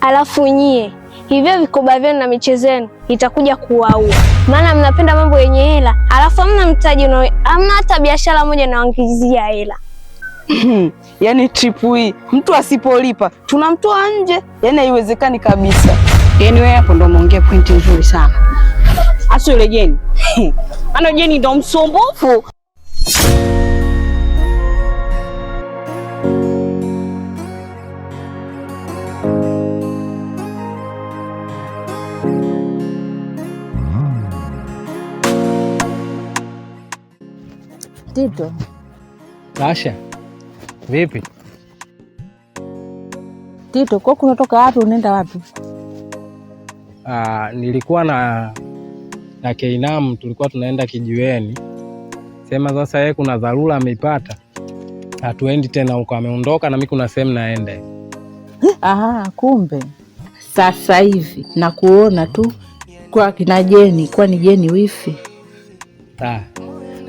Alafu nyie hivyo vikoba vyenu na michezo yenu itakuja kuwaua, maana mnapenda mambo yenye hela, alafu hamna mtaji, hamna hata biashara moja nawaingizia hela. yani tripu hii mtu asipolipa tunamtoa nje, yani haiwezekani kabisa. Yani wewe hapo ndo umeongea pointi nzuri sana, hasa yule Jeni. Ana Jeni ndo msumbufu. Tito. Asha, vipi? Tito, kwa kunatoka wapi unaenda wapi? Aa, ah, nilikuwa na na Keinam tulikuwa tunaenda kijiweni, sema sasa yeye kuna dharura ameipata, hatuendi tena huko, ameondoka na mimi kuna sehemu naenda. Aha, kumbe sasa hivi nakuona tu kwa kina Jeni, kwa ni Jeni wifi. Ah.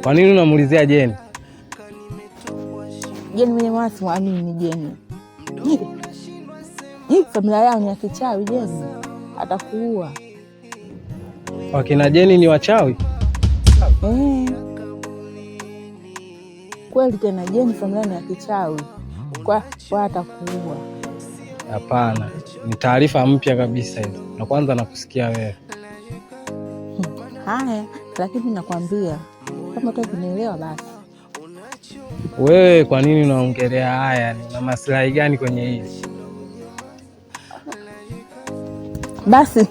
Kwa nini unamuulizia Jeni? Jeni mwenyewe simwamini ni Jeni. Hii familia yao ni ya kichawi. Jeni atakuua. Wakina Jeni ni wachawi e. Kweli tena, Jeni familia ni ya kichawi kwa, kwa atakuua. Hapana, ni taarifa mpya kabisa hizo, na kwanza nakusikia wewe. Haya, lakini nakwambia kama tu kunielewa basi. Wewe kwa nini unaongelea haya? na maslahi gani kwenye hili? Basi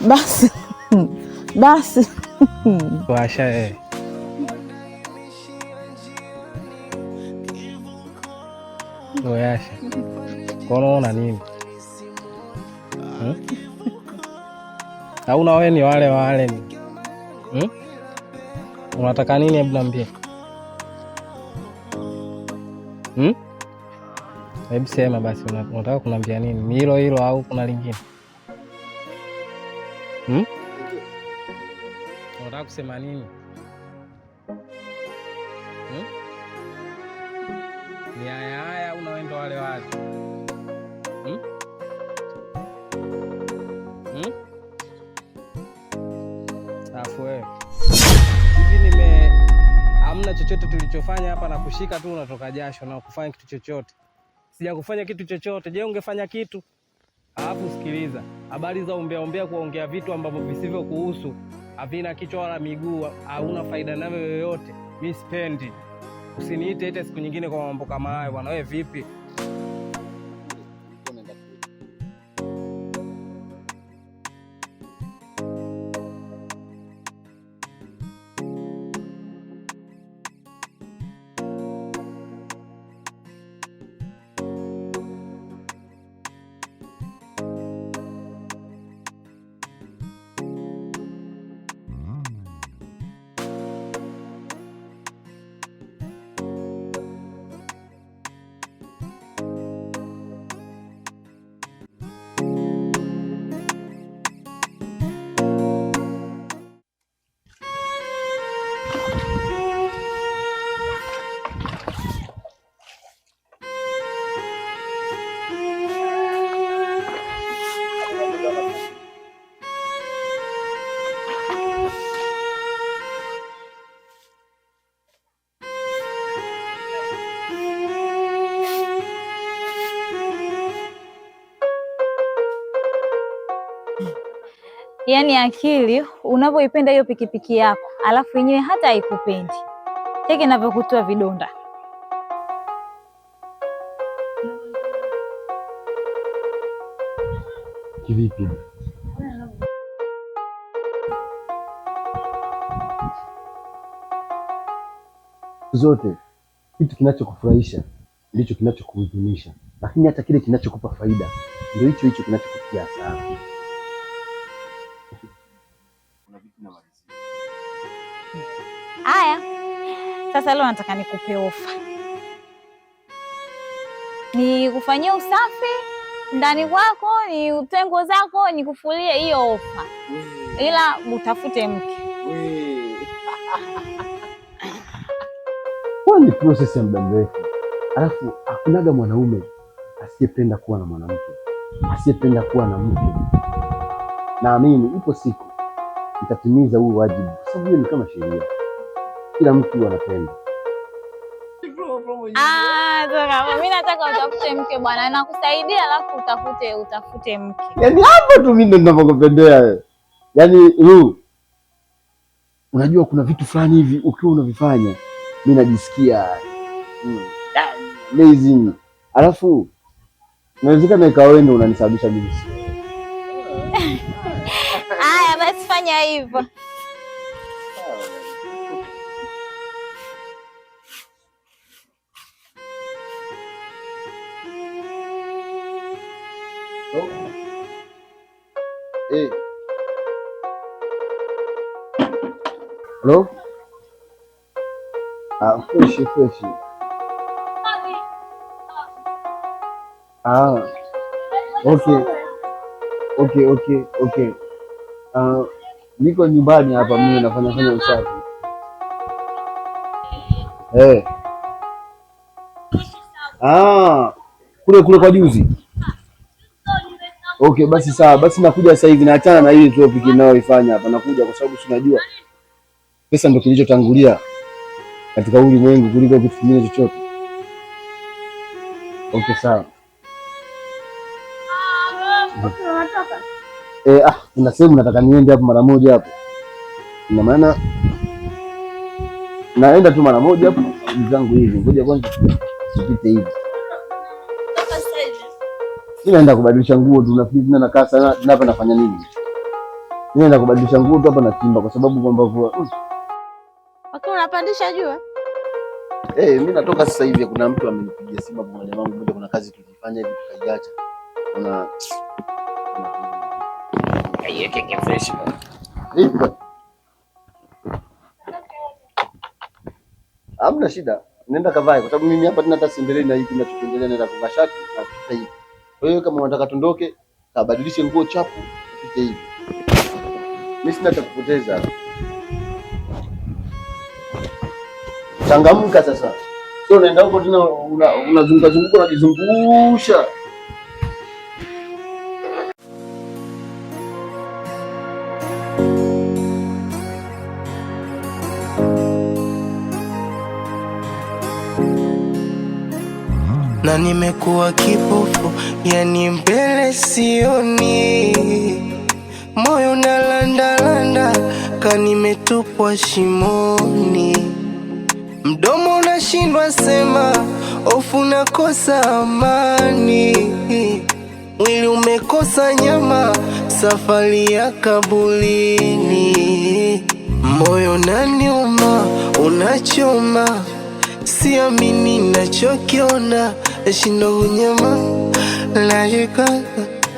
basi basi washa eh. Oyasha konaona nini hmm? Auna we ni wale wale ni hmm? Unataka nini? Hebu niambie. Hmm? Hebu sema basi, unataka kuniambia nini? Ni hilo hilo au kuna lingine? Hmm? Unataka kusema nini? Hmm? Ni haya haya unaenda wale wale. Hmm? Hmm? Afu wewe nime hamna chochote tulichofanya hapa na kushika tu unatoka jasho na kufanya kitu chochote. Sijakufanya kitu chochote. Je, ungefanya kitu? Alafu sikiliza, habari za umbea umbea, kuongea vitu ambavyo visivyo kuhusu, havina kichwa wala miguu, hauna faida navyo yoyote, mi sipendi. Usiniite ite siku nyingine kwa mambo kama hayo bwana. Wewe vipi? Yaani akili unavyoipenda hiyo pikipiki yako, alafu yenyewe hata haikupendi, cheki inavyokutoa vidonda. Kivipi? Zote kitu kinachokufurahisha ndicho kinachokuhuzunisha, lakini hata kile kinachokupa faida ndio hicho hicho kinachokutia hasara. Haya, sasa leo nataka nikupe ofa, nikufanyie usafi ndani kwako, ni utengo zako zako, nikufulie hiyo ofa, ila utafute mke. Ni prosesi ya muda mrefu, alafu hakunaga mwanaume asiyependa kuwa na mwanamke, asiyependa kuwa na mke. Naamini ipo siku nitatimiza huu wajibu, kwa sababu hiyo ni kama sheria kila mtu anapenda. Ah, mimi nataka utafute mke bwana, nakusaidia alafu utafute utafute mke. Yaani hapo tu mimi ndo ninapokupendea wewe. Yaani Ruu, unajua kuna vitu fulani hivi ukiwa unavifanya mimi najisikia mm, amazing. Alafu inawezekana ikawa wewe ndo unanisababisha mimi. Haya basi fanya hivyo. Hello? Ah, fresh fresh. Ah. Okay. Okay, okay, okay. Ah, niko nyumbani hapa mimi nafanya fanya usafi. Eh. Ah, kule kule kwa juzi. Okay, basi sawa. Basi nakuja sasa hivi, naachana na hii topic inayoifanya hapa. Nakuja kwa sababu si Pesa ndio kilichotangulia katika ulimwengu kuliko kitu kingine chochote. Okay, sawa. Ah, eh, ah, kuna sehemu nataka niende hapo mara moja hapo. Ina maana naenda tu mara moja hapo zangu hivi. Ngoja kwanza tupite hivi. Mimi naenda kubadilisha nguo tu, na fizi na nakaa sana hapa nafanya nini? Mimi naenda kubadilisha nguo tu hapa na timba kwa sababu kwamba wakiwa unapandisha jua. Hey, eh? eh, mi natoka sasa hivi, kuna mtu amenipigia simu hapo mmoja wangu mmoja, kuna kazi tulifanya hivi tukaiacha. Kuna keki fresh. Eh, Hamna shida. Nenda kavae kwa sababu mimi hapa tena hata siendelee na hiki ninachokiendelea naenda kuvaa shati na kupita hivi. Kwa hiyo kama unataka tondoke, kabadilishe nguo chapu upite hivi. Mimi sina cha kupoteza. Changamka sasa, sio unaenda huko tena unazunguka zunguka unajizungusha. na nimekuwa kipofu, yani mbele sioni, moyo nalandalanda, kanimetupwa shimoni Mdomo unashindwa sema, ofu nakosa amani, mwili umekosa nyama, safari ya kabulini, moyo naniuma, unachoma, siamini nachokiona, nashinda kunyama, najikana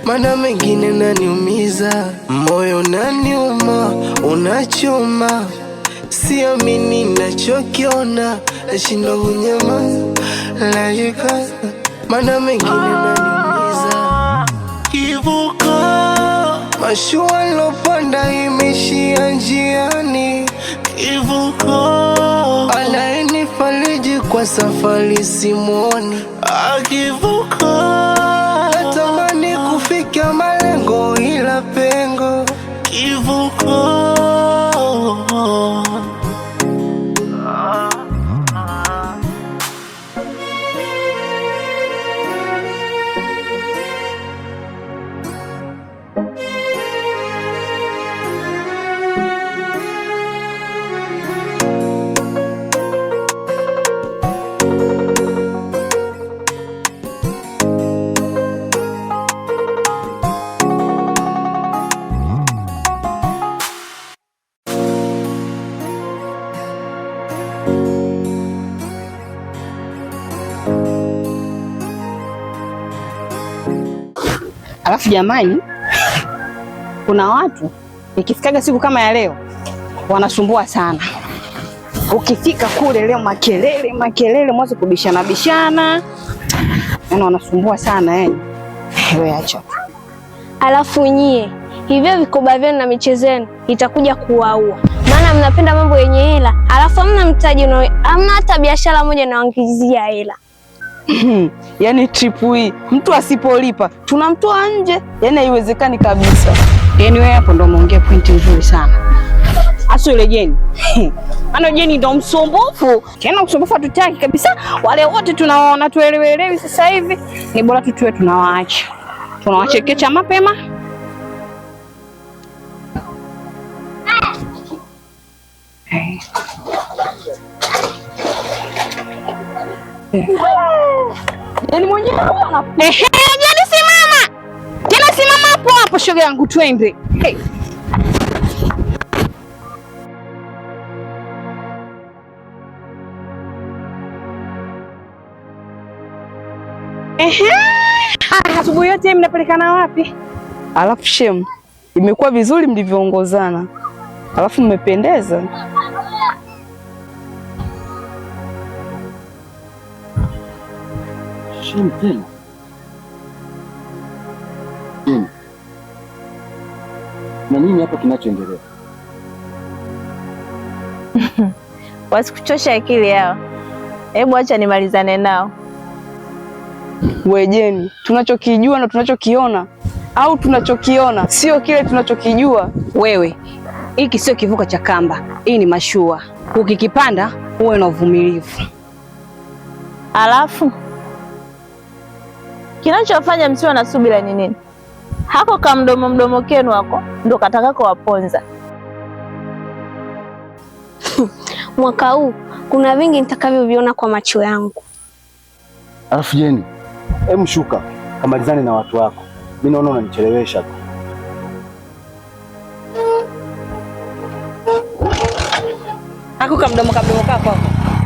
mana mengine naniumiza, moyo naniuma, unachoma siamini nachokiona, nashindwa kunyamaza, najikaza, maana mengine naniumiza kivuko, mashua lopanda imeshia njiani, kivuko, anayenifariji kwa safari simwoni, akivuko, ah, natamani kufikia malengo ila pengo, kivuko Alafu jamani, kuna watu ikifikaga siku kama ya leo wanasumbua sana. Ukifika kule leo, makelele makelele, mwanzo kubishana bishana, yaani wanasumbua sana yani. Eh. Wewe acha. Alafu nyie hivyo vikoba vyenu na michezo yenu itakuja kuwaua, maana mnapenda mambo yenye hela, alafu hamna mtaji, hamna hata biashara moja inawaingizia hela. yani tripu hii mtu asipolipa tunamtoa nje, yani haiwezekani kabisa. Yani wewe hapo ndo umeongea pointi nzuri sana. Hasa yule Jeni, Ana Jeni ndo msumbufu tena, usumbufu hatutaki kabisa. Wale wote tunawaona tuelewelewi, sasa hivi ni bora tu tuwe tunawaacha, tunawachekecha mapema. Hey. Yaani mwenyewe ehe, yaani simama tena, yaani simama hapo hapo, shoga yangu, twende hey. Ehe, asubuhi yote mnapelekana wapi? Alafu shemu, imekuwa vizuri mlivyoongozana, alafu mmependeza chini tena hmm. Na nini hapa kinachoendelea? Wasikuchosha akili yao, hebu acha nimalizane nao. Wejeni, tunachokijua na tunachokiona au tunachokiona sio kile tunachokijua. Wewe, hiki sio kivuko cha kamba, hii ni mashua. Ukikipanda uwe na uvumilivu, alafu Kinachofanya msiwe na subira ni nini? Hako ka mdomo mdomo kenu wako ndo kataka waponza. Mwaka huu kuna vingi nitakavyoviona kwa macho yangu. Alafu Jeni, hebu shuka kamalizane na watu wako, mi naona unanichelewesha tu. Hako kamdomo kamdomo kako,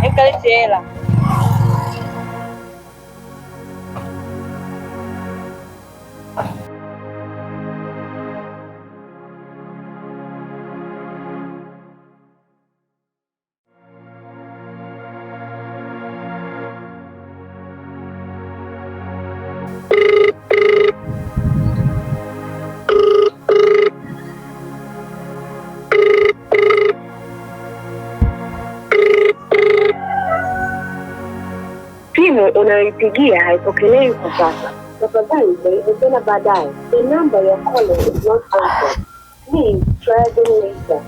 hebu kalete hela. unayoipigia haipokelewi kwa sasa. Tafadhali jaribu tena baadaye. The number ya are calling is not Please try again later.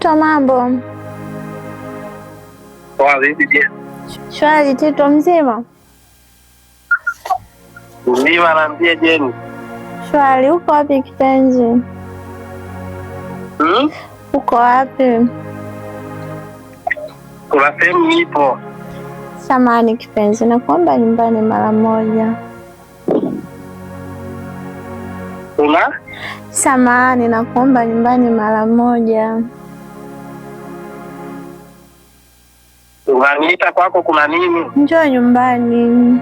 Tito, mambo? Shwari. Tito mzima? Mzima, naambia Jeni. Shwari, uko wapi kipenzi? Hmm? Uko wapi? Kuna sehemu nipo. Samani kipenzi, nakuomba nyumbani mara moja. Una? Samani, nakuomba nyumbani mara moja. Unaniita kwako, kuna nini? Njoo nyumbani.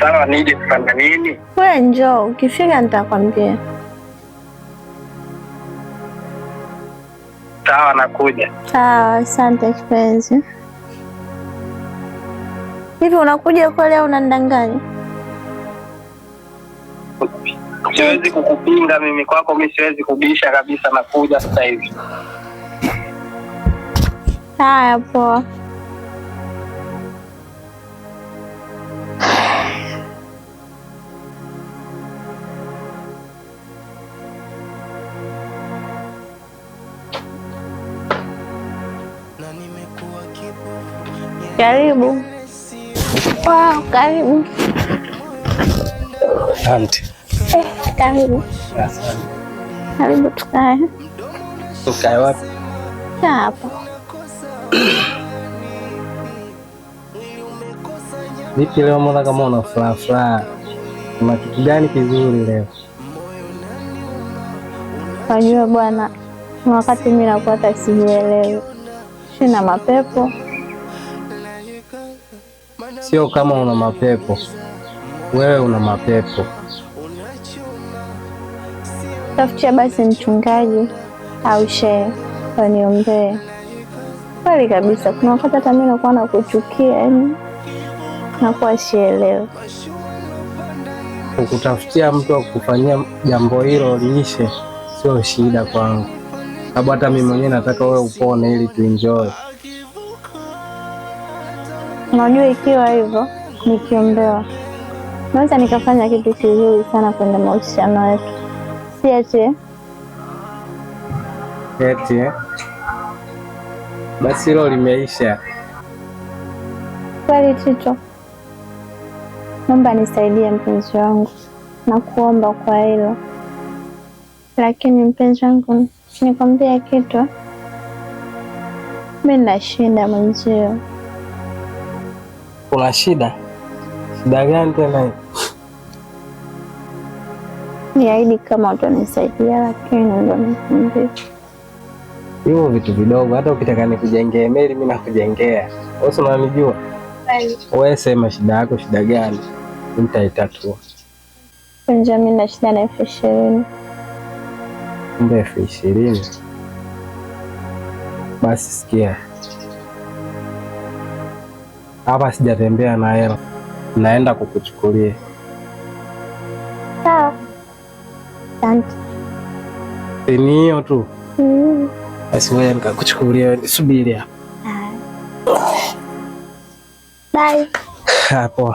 Sawa, nije kufanya nini? Wewe njoo, ukifika nitakwambia. Sawa, nakuja. Sawa, asante kipenzi. Hivi unakuja kweli au unandanganya? Siwezi kukupinga mimi, kwako mi siwezi kubisha kabisa. Nakuja sasa hivi. Haya, poa. Karibu. Wow, karibu. Asante. Eh, karibu. Asante. Karibu tukae. Tukae wapi? Hapa. Vipi leo, mbona kama una furaha furaha? Kuna kitu gani kizuri leo? Wajua bwana, wakati mimi nakuwa hata sijielewi, sina mapepo. Sio kama una mapepo, wewe una mapepo. Tafutia basi mchungaji au shehe waniombee. Kweli kabisa, kuna wakati hata mimi nakuwa nakuchukia yani nakuwa sielewi. Kukutafutia mtu kufanyia jambo hilo liishe sio shida kwangu, sababu hata mimi mwenyewe nataka wewe upone ili tuenjoy. Unajua, ikiwa hivyo nikiombewa, naweza nikafanya kitu kizuri sana kwenye mahusiano yetu, siache eti basi hilo limeisha kweli, tito Naomba nisaidie mpenzi wangu, nakuomba kwa hilo. Lakini mpenzi wangu, nikwambia kitu, mimi na shida mwenzio. Una shida? Shida gani tena? Niahidi kama utanisaidia, lakini ndo nikwambia hivyo vitu vidogo. Hata ukitaka nikujengee meli, mimi nakujengea. Wewe unanijua. Wewe sema shida yako, shida gani? mtaitatua? Kwanza mimi na elfu ishirini. Kumbe elfu ishirini? Basi sikia, hapa sijatembea na hela, naenda kukuchukulia. Sawa, asante. Ni hiyo tu. Mm. Basi wewe nikakuchukulia, subiri hapa. Bye. Hapo.